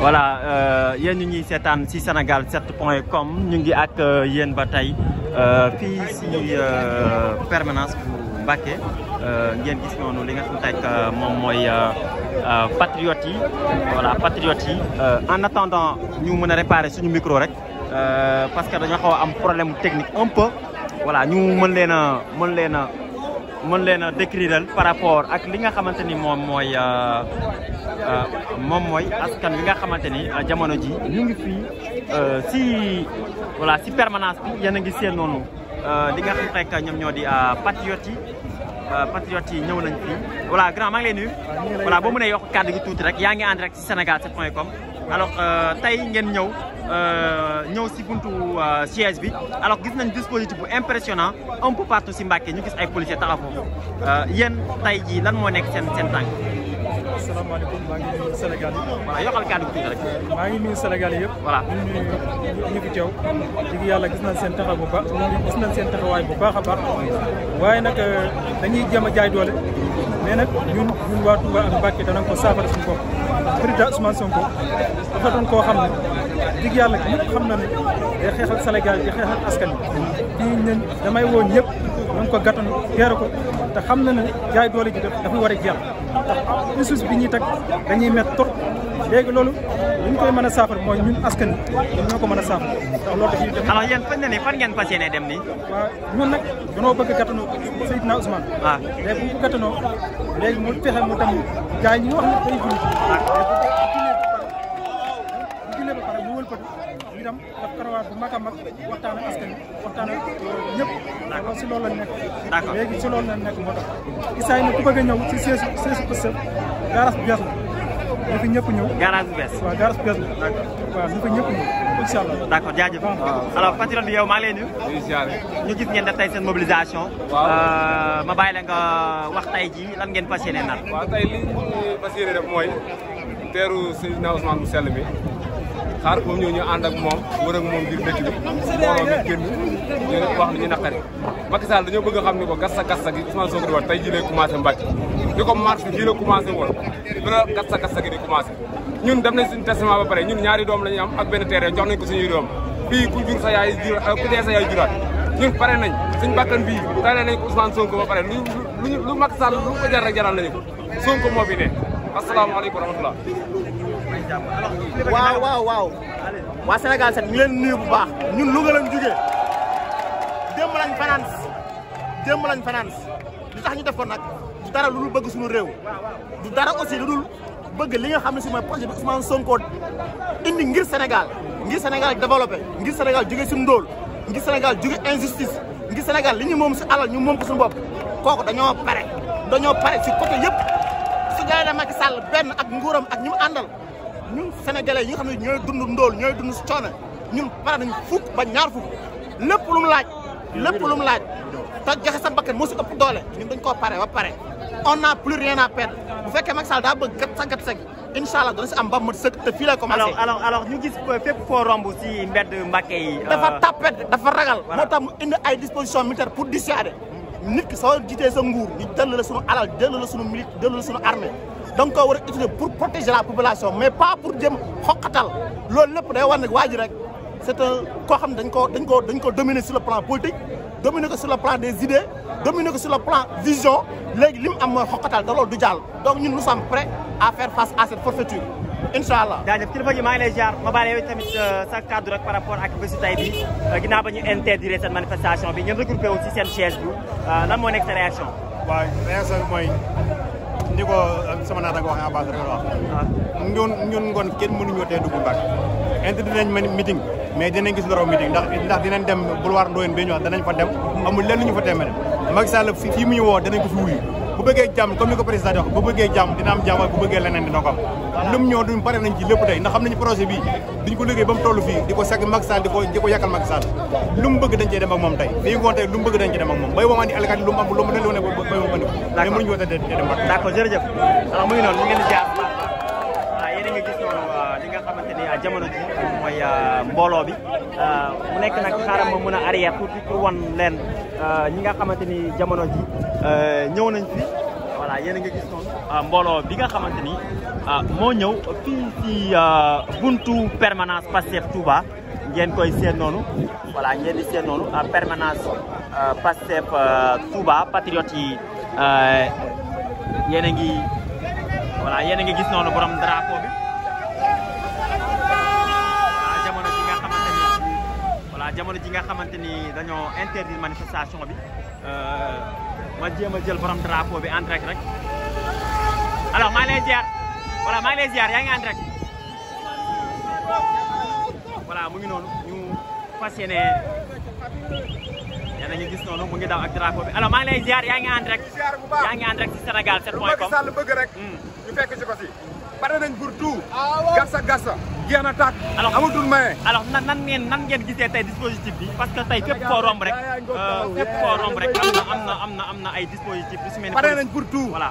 voilà euh, yéen ñu ñuy seetaan si Sénégal 7 point com ñu ngi ak euh, yéen ba tey euh, fii si permanence bu Mbacké ngeen gis noonu li nga xam tey moom mooy patriotes yi voilà patriotes yi en attendant ñu mën a réparer suñu micro rek parce que dañoo xaw am problème technique un peu voilà ñu mën leen a mën leen a mën leen a décriral par rapport ak li nga xamante ni moom mooy Euh, moom mooy askan wi nga xamante ni euh, jamono ji ñu ngi fii euh, si voilà si permanence bi yéen a ngi seen noonu li nga xam rek ñoom ñoo di patriotes yi yi ñëw nañ fii voilà grand maa ngi lay nuyu voilà boo mënee yox kàddu gi tuuti rek yaa ngi en rek si sénégal 7 point com alors tey ngeen ñëw ñëw si buntu siège bi alors gis nañ dispositif bu impressionnant un peu partout si Mbacké ñu gis ay policiers taxaw foofu yéen tey jii lan moo nekk seen seen asalaamaaleykum maa ngi nuyu Sénégal yi. voilà yokkal kàddu gi tuuti rek. maa ngi nuyu yëpp. voilà ñu ngi nuyu teew. dëgg yàlla gis nañ seen taxaw bu baax gis nañ seen taxawaay bu baax a baax. waaye nag euh, dañuy jéem a jaay doole. mais nag ñun ñun waa Touba ak Mbacké danañ ko saafara suñu bopp. président Ousmane Sonko dafa doon koo xam ne dëgg yàlla ñëpp xam na ne day xeexal Sénégal di xeexal askan bi fii ñun damay woo ñëpp nañ ko gàttan teeru ko te xam na ne jaay doole ji daf dafa war a jeex ndax ressource bi ñuy tag dañuy métti trop léegi loolu li koy mën a saafar mooy ñun askan wi ñoo ko mën a saafara ndax loolu daf ñuy def. alors yéen fan ngeen fan ngeen fas yéene dem nii. waaw ñun nag danoo bëgg Gatineau Seydina Ousmane. waaw ah. léegi bu Gatineau léegi mu fexe mu dem gars yi ñu wax ne day julli. waaw ah. léegi bu jullee ñu a mag ñëpp. d'accord si loolu lañ nekk. si loolu lañ nekk moo tax. Issa ku bëgg a ñëw si seesu seesu pësëb garage bu bees la ñu fi ñëpp ñëw. garage bu bees waaw garage bu bees la. d'accord waaw yow maa ngi lay gis ngeen def seen mobilisation. Euh, ma bàyyi la nga wax ji lan ngeen fas yéene nar. waaw tey li ñu fas yéene def mooy teeru mu sell bi xaar ko ñoo ñu ànd ak moom wër ak moom biir dëkk bi mbooloo mi génn ñu wax li ñu dañoo bëgg a ni ko gassa gassa gi Ousmane Sonko di wax tey jii lay commencé Mbàkke di ko mars jii la commencé woon bi la gassa gassa gi di commencé ñun dem nañ suñu testament ba pare ñun ñaari doom la ñu am ak benn terrain jox nañ ko suñuy doom fii ku jur sa yaay jur ñun pare nañ suñ bakkan bi tare nañ ko Ousmane Sonko ba pare lu lu lu ko jar rek jaral nañu ko moo fi ne asalaamaaleykum wa rahmatulah. waaw waaw waaw. waa Sénégal set ñu ngi leen nuyu bu baax ñun Louga lañ jugee démb lañ finance démb lañ finance li tax ñu def ko nag du dara lu dul bëgg suñu réew du dara aussi lu dul bëgg li nga xam ne si mooy projet bi Ousmane Sonko indi ngir Sénégal ngir Sénégal développé ngir Sénégal jóge si ndóol ngir senegal jóge injustice ngir senegal li ñu moom si alal ñu moom ko suñu bopp kooku dañoo pare dañoo pare si côté yëpp. président Macky Sall benn ak nguuram ak ñi mu àndal ñun sénégalais yi nga xam ne ñooy dund ndóol ñooy dund si coono ñun pare nañu fukk ba ñaar fukk lépp lu mu laaj. lépp lu mu laaj te joxe sa bakkan moo si doole ñum dañ koo pare ba pare. on n'a plus rien à perdre bu fekkee Macky Sall daa bëgg gat sa gat seg incha allah dana si am ba sëkk te fii lay commencé. alors alors alors ñu gis fépp foo romb si mbedd Mbacké yi. dafa euh, tapet dafa ragal. moo tax mu indi ay dispositions militaires pour dissuader. nit ki soo jiitee sa nguur ñu dellu la sunu alal dellu la sunu milite dellu la sunu armée danga koo war a utiliser pour protéger la population mais pas pour jëm xoqatal loolu lépp day war ne waa ji rek c'est un koo xam dañ ko dañ ko dañ ko dominer sur le plan politique dominer ko sur le plan des idées dominer ko sur le plan vision léegi li mu am mooy xoqatal te loolu du jaal donc ñun nous sommes prêts à faire face à cette incha allah jaajëf kilifa gi maa ngi lay ziar ma baale yow tamit euh, sa kaddu par rapport ak bésu tay bi euh, ginnaaw ba ñu interdire cette manifestation bi ñoom regroupé wu ci seen siège bu euh, lan moo nekk sa réaction. ni ko sama naata nga waxee Abass rek la wax. Ah. ñun ñun ngoon kenn mënuñoo tee dugg Mbàkke interdire nañ ma meeting mais dinañ gis loroo meeting ndax ndax dinañ dem boulevard Ndoyeen bi ñu wax danañ fa dem amul lenn ñu fa téeméer Macky Sall fii mu ñu woo danañ ko wuyu. bu bëggee jàmm comme ni ko président di wax bu bëggee jàmm dina am jàmm bu bëggee leneen dina ko am lu mu ñëw duñ pare nañ ci lépp nañu projet bi duñ ko liggéey ba mu toll fii di ko segg Macky Sall di ko di ko yàkkal Macky Sall lu mu bëgg dañ cee dem ak moom tey fii ngoon tey lu bëgg dañ cee dem moom bay moom andi alkaati lu mu am lu mu lëloo ne bay moom andi mais mënuñu wote mu ah, a ngi gis ah, ah, bi mu nekk na xaaral ma mën a arrière tuuti pour wan leen Euh, ñi nga xamante ni jamono ji euh, ñëw nañ fi voilà yéen a ngi gis noonu euh, mbooloo bi nga xamante ni moo ñëw fii ci buntu permanence Pastef Touba ngeen koy seen noonu voilà ngeen di seen noonu permanence Pastef Touba patriote yi yéen a ngi voilà yéen a gis noonu borom drapeau bi. jamono ji nga xamante ni dañoo interdire manifestation bi euh, ma jéem a jël borom drapeau bi en direct rek alors maa ngi lay ziar voilà maa ngi mu ngi noonu ñu fas yéene yéen ngi gis noonu mu ngi daw ak drapeau bi alors maa ngi lay ziar yaa ngi en yaa ngi en direct ci Sénégal pare nañ pour tout. Ah, gasa gasa jeex na tàkk. alors amatul maye. alors nan nan ngeen nan ngeen gisee tey dispositif bi parce que tey fépp koo romb rek. Euh, fépp koo am na am na ay dispositif yu si mel ni. pare nañ pour tout voilà.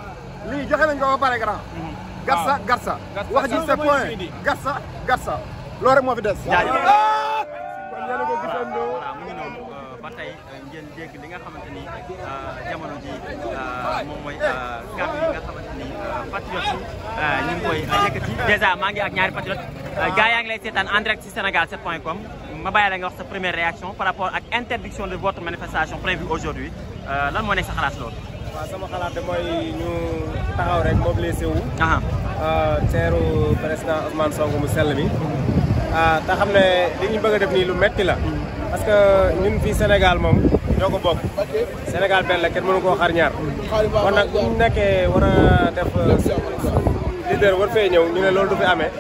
lii joxe nañ ko ba pare grand. Mhm. gasa gasa wax ji c'est point gasa gasa loolu rek moo fi des. jaajëf ah! kon yéen a ko tey euh, ngeen dégg li nga xamante ni euh, jamono ji euh, moom mooy kàddu yi nga xamante ni koy yëkkati dèjà maa ngi ak ñaari patriote gaa yaa ngi lay seetaan en direct ci sénégal 7 point com ma bàyyi la nga wax sa première réaction par rapport ak interdiction de votre manifestation prévue aujourd'hui lan moo nekk sa xalaat loolu waaw sama xalaat de mooy ñu taxaw rek mobilisé wu teeru président Ousmane Sonko mu sell mi te xam ne bëgg a lu metti la hmm. parce que ñun fii Sénégal moom ñoo ko bokk Sénégal benn la kenn mënu koo xar ñaar kon nag bu ñu nekkee war a def euh, leader war fee ñëw ñu ne loolu du fi amee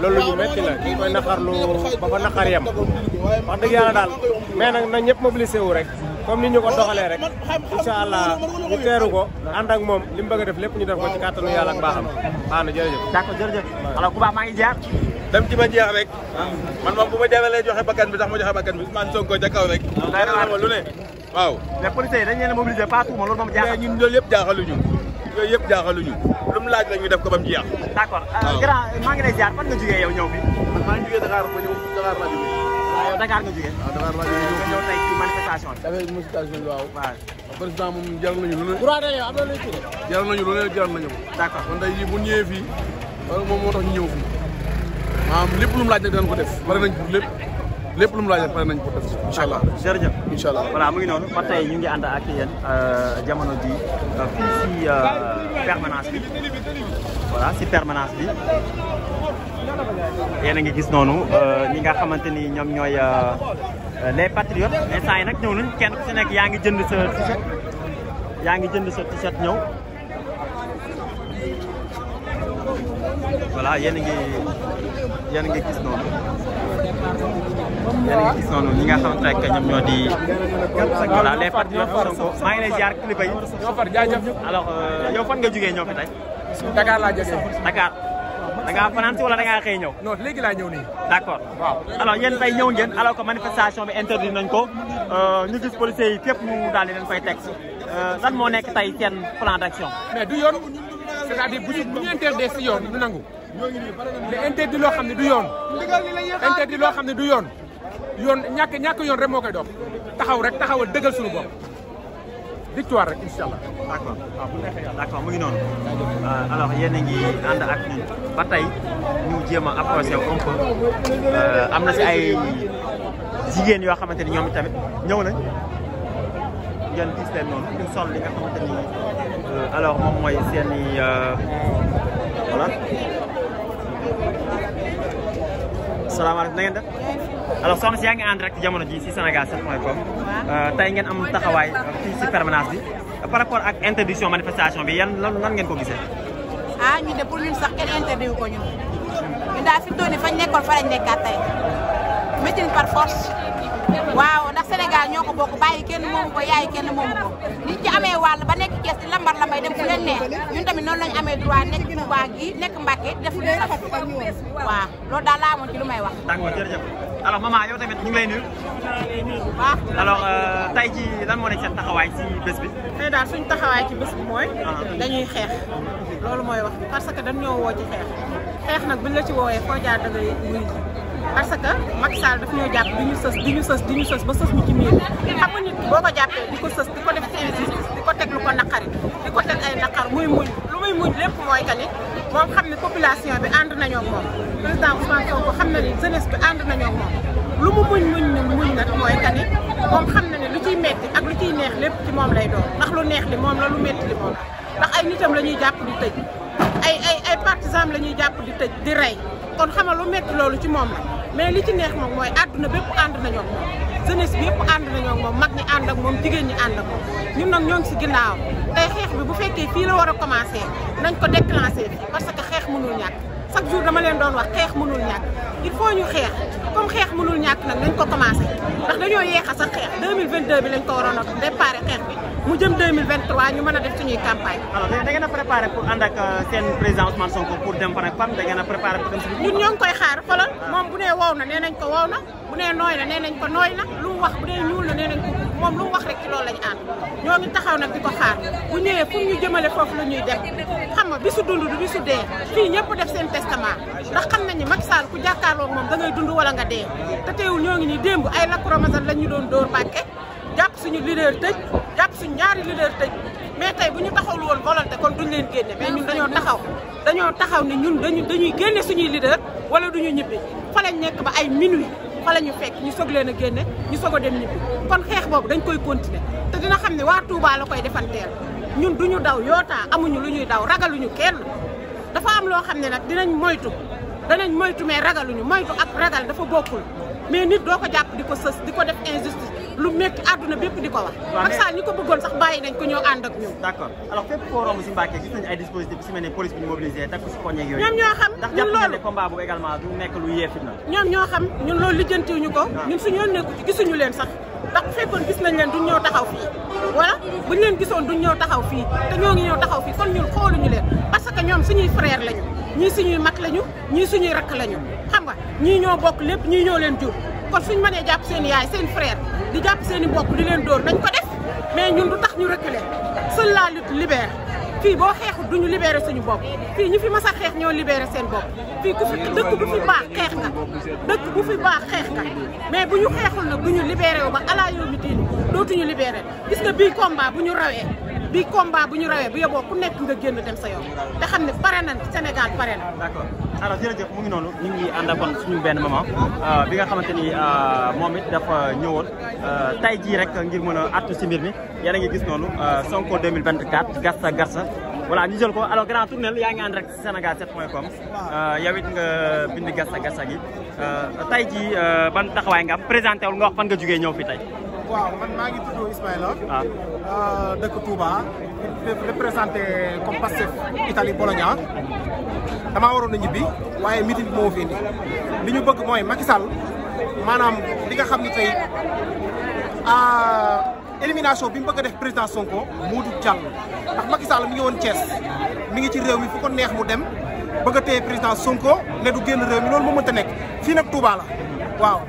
loolu ñu métti la ñu koy naqarlu ba fa naqar yem wax dëgg yàlla daal mais nag nan ñëpp mobilisé wu rek comme ni ñu ko doxalee rek incha allah ñu teeru ko ànd ak moom li mu bëgg a def lépp ñu def ko ci kàttanu yàlla ak baaxam baax na jërëjëf. d'accord jërëjëf alors ku baax maa rek. man moom bu ma jawelee joxe bakkan bi sax ma joxe bakkan bi Ousmane Sonko ca kaw rek. waaw lu ne waaw. mais policiers yi dañu leen a mobiliser partout moom loolu moom jaaxal. mais ñun loolu yëpp jaaxaluñu yooyu yëpp jaaxaluñu lu mu laaj la ñu def ko ba mu jeex. d'accord euh, grand maa ngi lay ziar fan nga jugee yow ñëw bi. man maa ngi jugee Dakar ma ñëw Dakar laa jugee. waaw Dakar nga jugee. waaw ah, Dakar laa jugee ñëw ñëw tey ci manifestation bi. dafay manifestation bi waaw. waaw ah, président moom jaral nañu lu ne. droit de yow am na lu ñu tuddee. jaral nañu lu ne jaral nañu ko. d'accord kon tey jii bu ñëwee fii loolu moom moo tax ñu ñëw fii maanaam lépp lu laa laaj nag dinañ ko def pare lépp lépp lu mu laaj nag pare nañ ko def incha allah jërëjëf incha allah voilà mu ngi noonu ba tey ñu ngi ànd ak yéen euh, jamono ji euh, fii si euh, permanence bi voilà si permanence bi yéen a ngi gis noonu ñi nga xamante ni ñoom ñooy les patriotes instant yi nag ñëw nañ kenn ku si nekk yaa ngi jënd sa t yaa ngi jënd sa t ñëw voilà yéen ngi yan nga gis noonu yan nga gis noonu ñi nga xamante ñoom ñoo di voilà les partenaires Sonko maa ngi lay ziar kilifa yi alors euh, yow fan nga jógee ñoo fi tey. Dakar laa jógee Dakar. da ngaa fanaan si wala da ngaa xëy ñëw. non léegi laa ñëw nii. d' accord waaw alors yéen tey ñëw ngeen alors que bi interdit nañ ko euh, ñu gis policiers yi fépp ñu daal di leen koy teg euh, lan moo nekk tey seen plan d' action. mais du yoon c' est nangu. mais interdit loo xam ne du yoon. loo xam ne du yoon. yoon ñàkk ñàkk yoon rek moo koy dox taxaw rek taxawal dëggal suñu bopp victoire rek incha allah. d' accord waaw noonu. Euh, alors yéen a ngi ànd ak ñun ba tey ñu jéem a approché un euh, am na si ay jigéen yoo xamante ni ñoom tamit ñëw nañ ngeen gis leen noonu ñu sol li nga xamante ni euh, moom mooy seen i voilà. salaamaaleykum na ngeen def alors si yaa ngi en direct jamono ji si Sénégal 7 point com euh, tey ngeen am taxawaay euh, fii si permanence bi par rapport ak interdiction manifestation bi yan lan nan ngeen ko gisee. ah ñu de pour ñun sax kenn interdit ko ñun mu toll nii fañ nekkoon fa lañ nekkaat tey meeting par force waaw. Sénégal ñoo ko bokk bàyyi kenn moomu ko yaay kenn moomu ko niñ ci amee wàll ba nekk Thiès di lambar lambay dem fu leen neex ñun tamit noonu lañu amee droit nekk nekk Mbacké def lu saf wax d'accord euh, ji lan moo nekk seen taxawaay ci bés bi tey daal suñ taxawaay ci bés bi mooy ah. dañuy xeex loolu mooy wax parce que dañ ñoo woo xeex xeex nag buñ la ci woowee foo jaar da parce que Macky Sall daf ñoo jàpp di ñu sës di ñu sës ba sës ñu ci miir xam nga nit boo ko jàppee di ko sës di ko def ci injustice di ko teg lu ko naqari di ko teg ay naqar muy muñ lu muñ lépp mooy que moom xam ne population bi ànd nañoo ak moom ànd lu mu muñ muñ nag mooy que moom xam na ne lu ciy metti ak lu ciy neex lépp ci moom lay doon ndax lu neex li moom la lu metti li moom ndax ay nitam la ñuy jàpp di tëj ay ay ay partisans la ñuy jàpp di tëj di rey kon loolu ci moom mais li ci neex moom mooy àdduna bépp ànd nañoo moom jeunesse bi ànd nañoo moom mag ñi ànd ak moom jigéen ñi ànd ak moom ñun nag ñoo ngi si ginnaaw tey xeex bi bu fekkee fii la war a commencé nañ ko déclenché parce que xeex mënul ñàkk. chaque jour dama leen doon wax xeex mënul ñàkk il faut ñu xeex comme xeex mënul ñàkk nag nañ ko commencé ndax dañoo yeex a sax xeex 2022 bi lañ ko waroon a déparé xeex bi ñu mën a def suñuy campagne. alors mais da a préparé pour ànd ak euh, seen président Ousmane Sonko pour dem fan ak fan da ngeen a ñoo ngi koy xaar xoolal moom bu nee wow na nee nañ ko wow na bu nee nooy na nee nañ ko nooy na lu wax bu dee ñuul na nee nañ ko. moom lu wax rek ci loolu ànd ñoo ngi taxaw nag di ko xaar bu ñëwee fu ñu jëmale foofu la ñuy dem xam nga bisu dund du bisu dee fii ñëpp def seen testament ndax xam nañu Macky Sall ku jàkkaarloo moom da ngay dund wala nga dee te teewul ñoo ngi ni démb ay lakk ramadan lañ ñu doon dóor bàkke jàpp suñu leader tëj jàpp suñu ñaari leader tëj mais tey bu ñu taxawul woon volonté kon duñ leen génne mais ñun dañoo taxaw dañoo taxaw ne ñun dañu dañuy génne suñuy leader wala duñu ñibbi fa lañ nekk ba ay minuit fa ñu fekk ñu soog leen a génne ñu soog a dem ñibbi kon xeex boobu dañ koy continuer te dina xam ne waa Touba la koy defanteel ñun du ñu daw yootaa amuñu lu ñuy daw ragaluñu kenn dafa am loo xam ne nag dinañ moytu danañ moytu mais ragaluñu moytu ak ragal dafa bokkul mais nit doo ko jàpp di ko sës di ko def injustice lu métti àdduna bépp di ko wax. waaw mais ak ko bëggoon sax bàyyi nañ ko ñëw ànd ak ñoom. d' accord alors fépp koo romb si Mbacke gis nañu ay dispositifs ñoo xam ñun loolu ndax jàpp ne combat boobu également du nekk lu yee fitna. ko. ñun suñu yoon nekku ci gisuñu leen sax. ndax bu fekkoon gis nañ leen duñ ñëw taxaw fii wala buñ leen gisoon duñ ñëw taxaw fii te ñoo ngi ñëw taxaw fii kon ñun xooluñu leen parce que ñoom suñuy frère lañu ñii suñuy mag lañu ñii suñuy rakk lañu xam nga ñii ñoo bokk lépp ñii ñoo leen jur kon suñ mënee jàpp seen yaay seen frère di jàpp seen i mbokk di leen dóor nañ ko def mais ñun du tax ñu reculer seule la lutte fii boo xeexut ñu libéré suñu bopp fii ñu fi mas a xeex ñoo libéré seen bopp fii ku fi dëkk bu fi baax xeex nga dëkk bu fi baax xeex nga mais bu ñu xeexul nag duñu libéré wu ba ala yoomi diin dootuñu libéré gis nga bii combat bu ñu rawee bii combat bu ñu rawee bu yeboo ku nekk nga génn dem sa yoon te xam ne pare nañ Sénégal pare na alors jërëjëf mu ngi noonu ñu ngi ànd ak suñu benn maman euh, bi nga xamante ni euh, moom it dafa ñëwoon euh, tay jii rek ngir mën a àttu si mbir mi yéen a ngi gis noonu Sonko 2024 Garsa Garsa voilà ñu jël ko alors grand tournel yaa ngi ànd rek Sénégal 7 point com yow it nga bind Garsa Garsa gi tay jii ban taxawaay nga am présenté wul nga wax fan nga jógee ñëw fi tey waaw man maa ngi tudd Ismaïla. ah euh, dëkk Touba. représenté comme Pastef Italie Bologna. dama waroon a ñibbi waaye meeting bi moo fi indi li ñu bëgg mooy Macky Sall maanaam li nga xam ne tey ah, élimination bi mu bëgg def président Sonko moo dugg jàll ndax Macky mu mi ngi woon Thiès mi ngi ci réew mi fu neex mu dem bëgg a téye président Sonko ne du génn réew mi loolu moo mënta nekk fii nag Touba la waaw.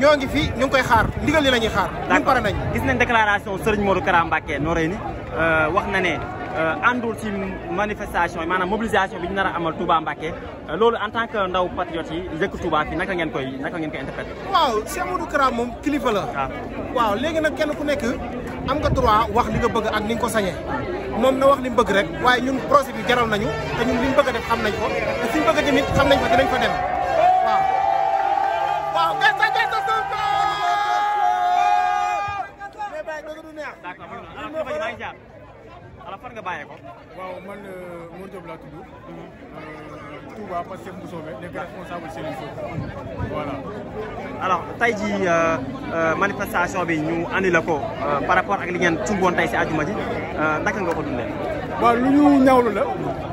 ñoo ngi fi ñu ngi koy xaar ndigal li la ñuy xaar. ñu pare nañ gis nañ déclaration Serigne Modou Kara Mbacké Noreyni euh, wax na ne euh, àndul ci manifestation yi maanaam mobilisation bi ñu nar a amal Touba Mbacké euh, loolu en tant que ndaw patriote yi dëkk Touba fi naka ngeen koy naka ngeen koy interprété. waaw Serigne Modou Kara moom kilifa ah. waaw léegi nag kenn ku nekk am nga droit wax li nga bëgg ak ni nga ko sañee. moom na wax li mu bëgg rek waaye ñun projet bi jaral nañu te ñun li a nañ ko te fi mu ko dinañ bàyyee ko. waaw man euh, Mor Diop laa tudd. Euh, Touba Pastef bu Sobe nekk responsable Serigne Sow voilà. alors tey jii euh, manifestation bi ñu annulé ko par rapport ak li ngeen tumboon tey si àjjuma ji naka nga ko dundee. waaw lu ñu ñaawlu la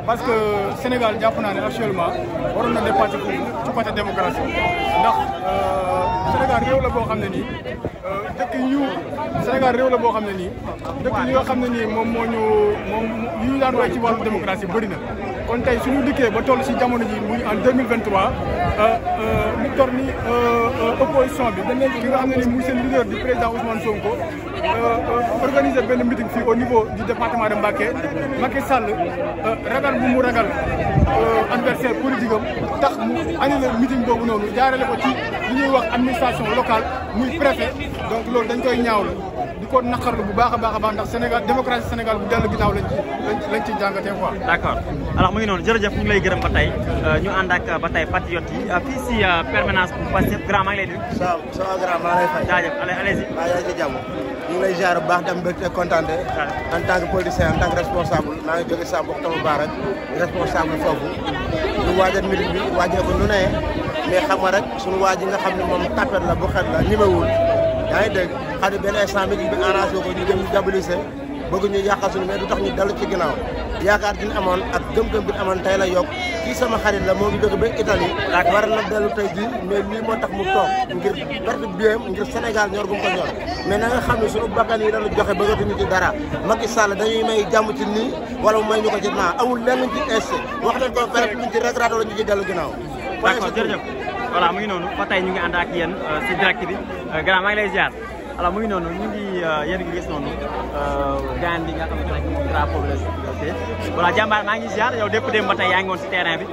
parce que Sénégal jàpp naa ne actuellement waroon na dépasser ci côté démocratie ndax Sénégal réew la boo xam ne nii. ñu Sénégal réew la boo xam ne nii dëkk ñi nga xam ne nii moom moo ñu moom yi ñu daan wax ci wàllu démocratie bëri na kon tey suñu dikkee ba toll si jamono ji muy en 2023 mu tor ni opposition bi dañ leen ki xam ne nii muy seen leader di président Ousmane Sonko euh, euh, organiser benn meeting fii au niveau du département de Mbacké Macky Sall euh, ragal bu mu ragal adversaire politique am tax mu annulé meeting boobu noonu jaarale ko ci li ñuy wax administration locale muy préfet donc loolu dañ koy ñaawlu di ko naqarlu bu baax a baax a baax ndax Sénégal démocratie Sénégal bu dellu ginnaaw lañ ci lañ ci jàngatee quoi. d' accord alors mu ngi noonu jërëjëf ñu ngi lay gërëm ba tey euh, ñu ànd ak ba tey patriote yi euh, fii si euh, permanence bu Pastef grand maa ngi lay nuyu. ça ça va grand maa lay fay. jaajëf allez allez-y. waaw yaa ngi ci jàmm ñu ngi bu baax dem mbégte en tant que en tant responsable maa ngi jóge Samb Tamba Ba rek responsable foofu ñu waajal mbir bi waajal ko nu ne mais xam nga rek suñu waa ji nga xam ne moom tapet la bu xet ni ñemewul yaa ngi dégg xam ne benn instant bi bi arrangé ko ñu dem ñu jabilise bëgg ñu yàqal suñu mais du tax ñu dellu ci ginnaaw yaakaar diñu amoon ak gëm-gëm bi ñu amoon tey la yokk kii sama xarit la moo ngi na dellu tey jii mais lii moo tax mu toog ngir perte biem ngir Sénégal ñor bu ko ñor mais na nga xam ne suñu bakkan yi lañu joxe bëggatuñu ci dara ma Sall dañuy may jàmm ci nii wala mu may ñu ko ci naa amul ko perte ñu la ñu ci dellu ginnaaw d'accord jërëjëf voilà mu ngi noonu ba tey ñu ngi ànd ak yéen si euh, direct bi euh, grand maa ngi lay ziar voilà mu ngi noonu ñu ngi euh, yéen a ngi gis noonu bi nga xamante ne moom drapeau bi la maa ngi ziar yow dépp dem ba tey yaa ngi woon si terrain bi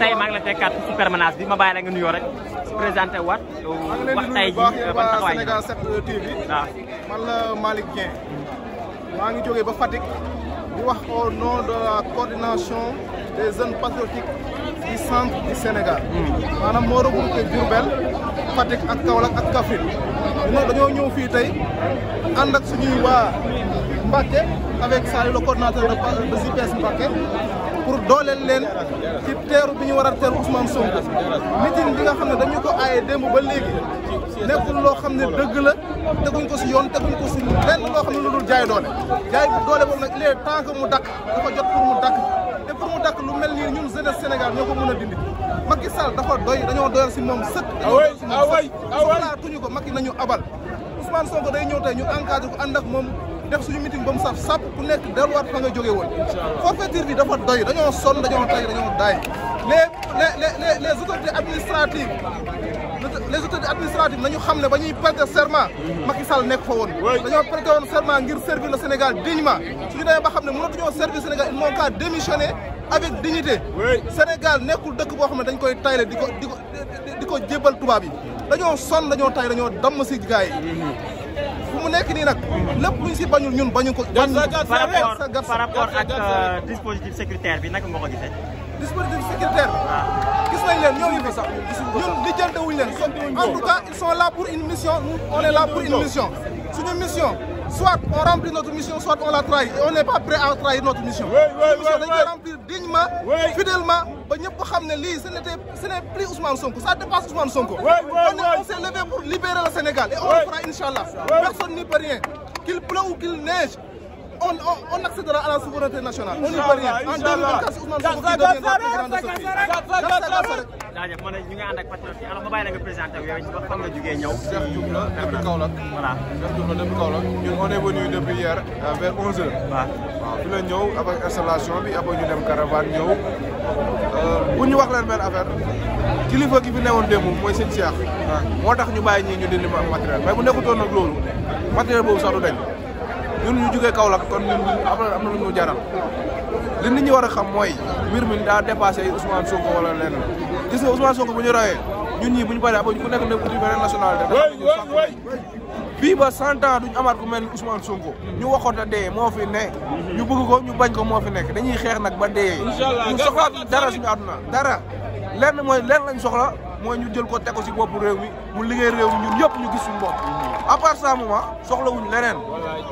tey maa ngi la fekkaat si permanence bi ma bàyyi la nga nuyoo rek présenté waat wax tey ji ban taxawaay Sénégal 7 TV waaw maa ngi jógee ba di wax au nom de la coordination des jeunes patriotiques du centre du Sénégal. maanaam moo regroupé Diourbel Fatick ak Kaolack ak Kaffrine. ñun dañoo ñëw fii tey ànd ak suñuy waa Mbacké avec Saliou le coordinateur de de GPS Mbacké pour dooleel leen ci teeru bi ñu war a teeru Ousmane Sonko. meeting bi nga xam ne dañu ko aaye démb ba léegi. nekkul loo xam ne dëgg la teguñ ko si yoon teguñ ko si lenn loo xam ne lu dul jaay doole jaay doole boobu nag il est temps que mu dakk dafa jot pour mu dakk te pour mu dakk lu mel nii ñun jeunesse Sénégal ñoo ko mën a dindi Macky Sall dafa doy dañoo doyal si moom sëkk dañoo si ko Macky nañu abal Ousmane Sonko day ñëw tey ñu encadré ko ànd ak moom def suñu meeting ba mu saf sàpp ku nekk delluwaat fa nga jóge woon forfaiture bi dafa doy dañoo sonn dañoo tay dañoo daay les les les les autorités les autorités administratives nañu xam ne ba ñuy prêter serment Macky Sall nekk fa woon dañoo prêter woon serment ngir servir le Sénégal dignement suñu demee ba xam ne mënatuñoo servir Sénégal ils n'ont qu'à démissionner avec dignité Sénégal nekkul dëkk boo xam ne dañ koy tayle di ko di ko di ko jébbal tubaab yi dañoo sonn dañoo tay dañoo damm si gaay yi fu mu nekk nii nag lépp luñ si bañul ñun bañu ko par rapport ak euh, dispositif sécuritaire bi naka nga ko gisee dispositif sécuritaire ah. gis nañ leen ñoo ngi fi sax ñun lijjante wuñ une mission on est là pour une mission suñu mission soit on remplit notre mission soit on la trahit et on n'est pas prêt à trahir notre mission suñu mission dañ koy remplir dignement fidèlement ba ñëpp xam ne lii ce n'était ce n'est plus Ousmane Sonko ça dépasse Ousmane Sonko on s'est levé pour libérer le Sénégal et on le fera inchallah personne n'y peut rien qu'il ou qu'il neige on, on, on accédera à la souveraineté nationale. on n'y peut rien en 2024 Ousmane Sonko kii deviendra président de ce pays. jaajëf man ñu ngi ànd ak patriote yi alors ma bàyyi la nga présenté wu yow fan nga jógee ñëw. Cheikh Diouf la depuis Kaolack. voilà Cheikh Diouf la depuis Kaolack ñun on est venu depuis hier euh, vers 11h. waaw waaw fi la ñëw avec installation bi après ñu dem caravane ñëw bu euh, ñu wax leen benn affaire kilifa gi fi newoon démb mooy sëñ Cheikh. moo tax ñu bàyyi ñii ñu dindi matériel mais bu nekkutoon nag loolu matériel boobu sax du dañ. ñun ñu jugee Kaolack kon ñun am na lu ñu jaral li nit ñi war a xam mooy mbir mi daa dépassé Ousmane Sonko wala lenn gis nga Ousmane Sonko bu ñu rawee ñun ñii bu ñu paree ku nekk na uti beneen nationalité fii ba cent ans duñ amaat ku mel ni Ousmane ñu waxoon a dee moo fi ne ñu bëgg ko ñu bañ ko moo fi nekk dañuy xeex nag ba dee ñu soxlaat dara suñu àdduna dara lenn mooy lenn lañ soxla mooy ñu jël ko teg ko ci bopp réew mi mu liggéey réew mi ñun ñëpp ñu gis suñu bopp à part ça moom soxlawuñ leneen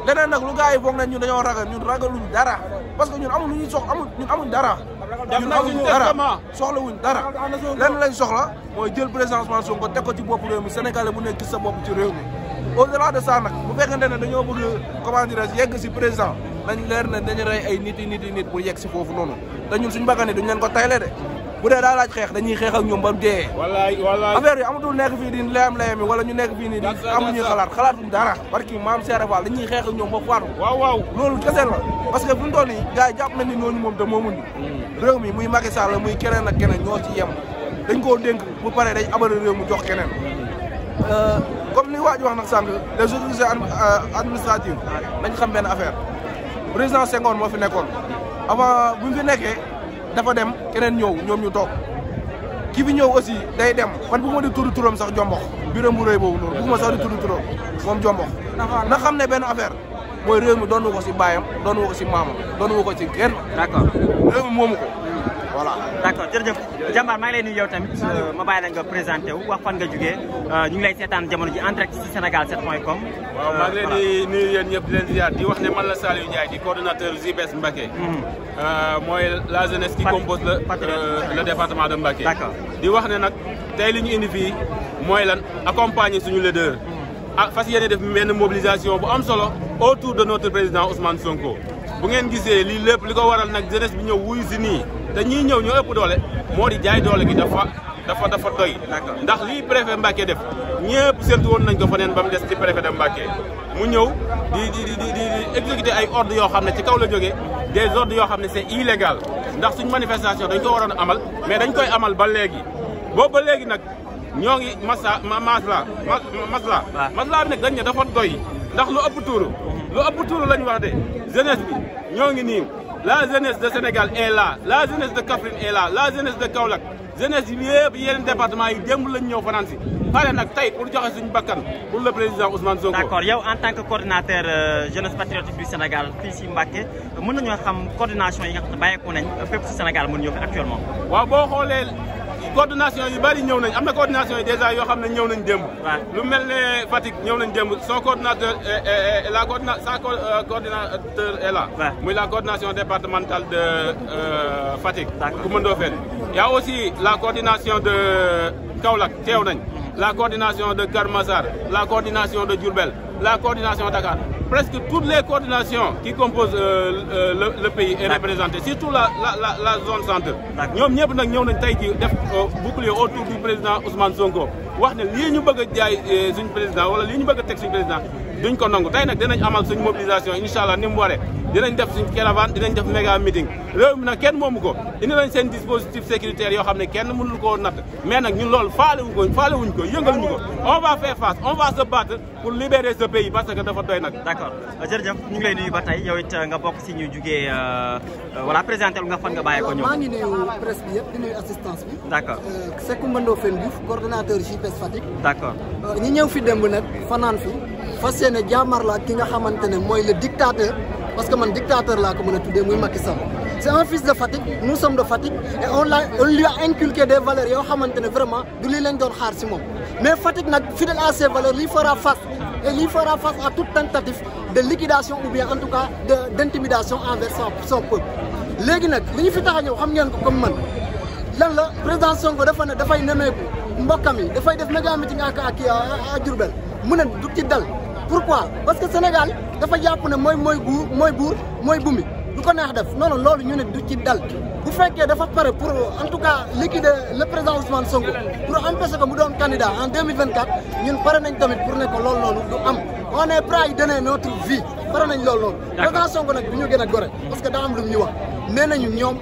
leneen nag lu gars yi foog nañ ñun dañoo ragal ñun ragaluñ dara parce que ñun amul lu ñuy sox amul ñun amuñ dara ñun amuñ dara soxlawuñ dara lenn lañ soxla mooy jël président Ousmane Sonko teg ko ci bopp réew mi sénégalais bu nekk gis sa bopp ci réew mi au delà de bu fekkente ne dañoo bëgg comment dire yegg ci président nañ leer ne ay nit yi nit yi nit pour yegg ci foofu noonu te ñun suñu bakkan leen ko tayle bu dee daal laaj xeex dañuy xeex ak ñoom ba dee. wallaay wallaay affaire yi amatul nekk fii di layam layam yi wala ñu nekk fii nii di amuñu xalaat xalaatuñ dara barki maam Cheikh Fall dañuy xeex ak ñoom ba faatu waaw waaw loolu kese parce que fu mu toll nii jàpp nañ ni ñooñu moom te moomuñu hmm. réew mi muy Macky Sall muy keneen ak keneen ñoo ci yem dañ koo dénk bu pare day abal réew mu jox keneen euh, comme ni waa ji wax nag sànq les autorités euh, administratives nañ xam benn affaire président Senghor moo fi nekkoon avant bu ñu nekkee dafa dem keneen ñëw ñoom ñu toog ki fi ñëw aussi day dem man bu ma di tudd turam sax jombox biram bu rëy boobu noonu bu ma sax di tudd turam moom jombox na xam ne benn affaire mooy réew doon doonu si baayam doon ko si maamam doonu ko si kenn d'accord moomu voilà d' accord jërëjëf jàmbaar maa ngi lay yow tamit euh, ma bàyyi la nga présenté wu wax fan nga jógee euh, ñu ngi lay seetaan jamono ji entre direct ci sénégal 7 point com waaw euh, maa ngi leen di leen ziar di wax ne man la Saliou Ndiaye di coordonnateur JBS Mbacké mhm. mooy la jeunesse qui compose le département de Mbacké di wax ne nag tey li ñu indi fii mooy lan accompagner suñu leader mhm. ah fas yéene def benn mobilisation bu am solo autour de notre président Ousmane Sonko bu ngeen gisee lii lépp li ko waral nag jeunesse bi ñëw wuyu si te ñii ñëw ñoo ëpp doole moo di jaay doole gi dafa dafa dafa doy ndax lii préfet Mbacké def ñëpp séntu woon nañ ko fa ba mu des ci préfet de Mbacké mu ñëw di di di di ay ordres yoo xam ne ci kaw la jóge des ordres yoo xam ne c'est illégal ndax suñ manifestation dañ ko waroon amal mais dañu koy amal ba léegi boo ba léegi nag ñoo ngi masa masla masla masla bi nag dañ ne dafa doy ndax lu ëpp tuuru lu ëpp tuuru lañ wax de jeunesse bi ñoo ngi nii la jeunesse de Sénégal est là la jeunesse de Kaffrine est la jeunesse de Kaolack jeunesse yi yëpp yeneen département yi démb lañ ñëw fanaan si pare nag tey pour joxe suñu bakkan pour le président Ousmane Sonko. d'accord yow en tant que coordinateur euh, jeunesse patriotique du Sénégal fii si Mbacké mën nañoo xam coordination yi nga xam ne bàyyeeku nañ euh, fépp si Sénégal mën ñëw fi actuellement. waaw boo xoolee. coordination yu bëri ñëw nañ am na coordination yi déjà yoo xam ne ñëw nañ démb. lu mel ne Fatick ñëw nañ démb son coordinateur la coordina sa euh, coordinateur est muy la coordination départementale de euh, Fatick. ku mën doo fenn y a aussi la coordination de Kaolack teew nañ. Mm-hmm. la coordination de Kër Massar la coordination de Diourbel la coordination Dakar. presque toutes les coordinations qui composent euh, euh, le, le pays est représentée surtout la la la la zone centre. ñoom ñëpp nag ñëw nañ tey jii def euh, bouclier autour du président Ousmane Sonko wax ne lii ñu bëgg a jaay euh, suñ président wala lii ñu bëgg a teg suñ président. duñ ko nangu tey nag dinañ amal suñ mobilisation incha allah ni mu waree dinañ def suñ caravane dinañ def méga meeting réew mi nag kenn moomu ko indi nañ dispositif sécuritaire yoo xam ne kenn mënul koo natt mais nag ñun loolu faalewuñ ko faalewuñ ko yëngaluñu ko on va faire face on va se battre pour libérer ce pays parce que dafa doy nag. d' accord ñu ngi lay nuyu ba tey yow it nga bokk si ñu jugee euh, euh, voilà présenté nga fan nga bàyyeekoo ñoom. maa ngi nuyu presse bi yëpp di nuyu bi. d' accord euh, Seck Mbando d' accord ñi ñëw fi démb fas yéene jàmmarloo ak ki nga xamante ne mooy le dictateur parce que man dictateur laa ko mën a tuddee muy Macky Sall c' est un fils de Fatick nous sommes de Fatick et on l'a on lui a inculqué des valeurs yoo xamante ne vraiment du lii lañ doon xaar si moom mais Fatick nag fidèle à ses valeurs lii fera face et lii fera face à toute tentative de liquidation ou bien en tout cas de d' envers son son léegi nag li ñu fi tax a ñëw xam ngeen ko comme man lan la président Sonko dafa ne dafay nemeeku mbokkam yi dafay def méga meeting ak mu ne du pour pourquoi parce que Sénégal dafa jàpp ne mooy mooy buur mooy buur mooy bumi du ko neex def non loolu ñu ne du ci dal bu fekkee dafa pare pour en tout cas liquider le président Ousmane Sonko pour empêcher ko mu doon candidat en 2024 ñun pare nañ tamit pour ne ko loolu noonu du am on est prêt à donner notre vie pare nañ loolu noonu président Sonko nag du ñu gën a gore parce que daa am lu ñu wax nee nañu ñoom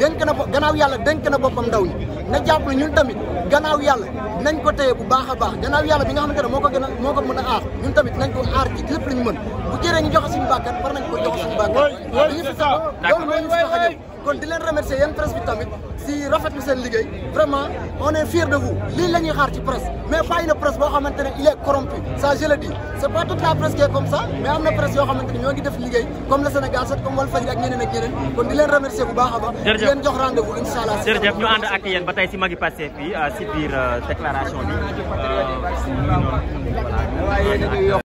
dénk na gannaaw yàlla dénk na boppam ndaw ñi na jàpp ne ñun tamit gannaaw yàlla nañ ko téye bu baax a baax gannaaw yàlla bi nga xamante ne moo ko gën a moo ko mën a aar ñun tamit nañ ko aar ci lépp lu ñu mën bu jëree ñu joxe suñu bàkkan war nañ ko joxe suñu bàkkan. loolu moo ñu fi tax a jóg kon di leen remercier yéen presse bi tamit si rafetlu seen liggéey vraiment on est de vous lii la ñuy xaar ci presse mais pas une presse boo xamante ne il est corrompu ça le dis c' est pas toute la presse qui est comme ça mais am na presse yoo xamante ñoo ngi def liggéey comme le Sénégal set comme Walfadjri ak ñeneen ak ñeneen kon di leen remercier bu baax a baax di leen jox rendez vous incha allah jërëjëf ñu ànd ak yéen ba tey si magi passé fii euh, si biir euh, déclaration euh,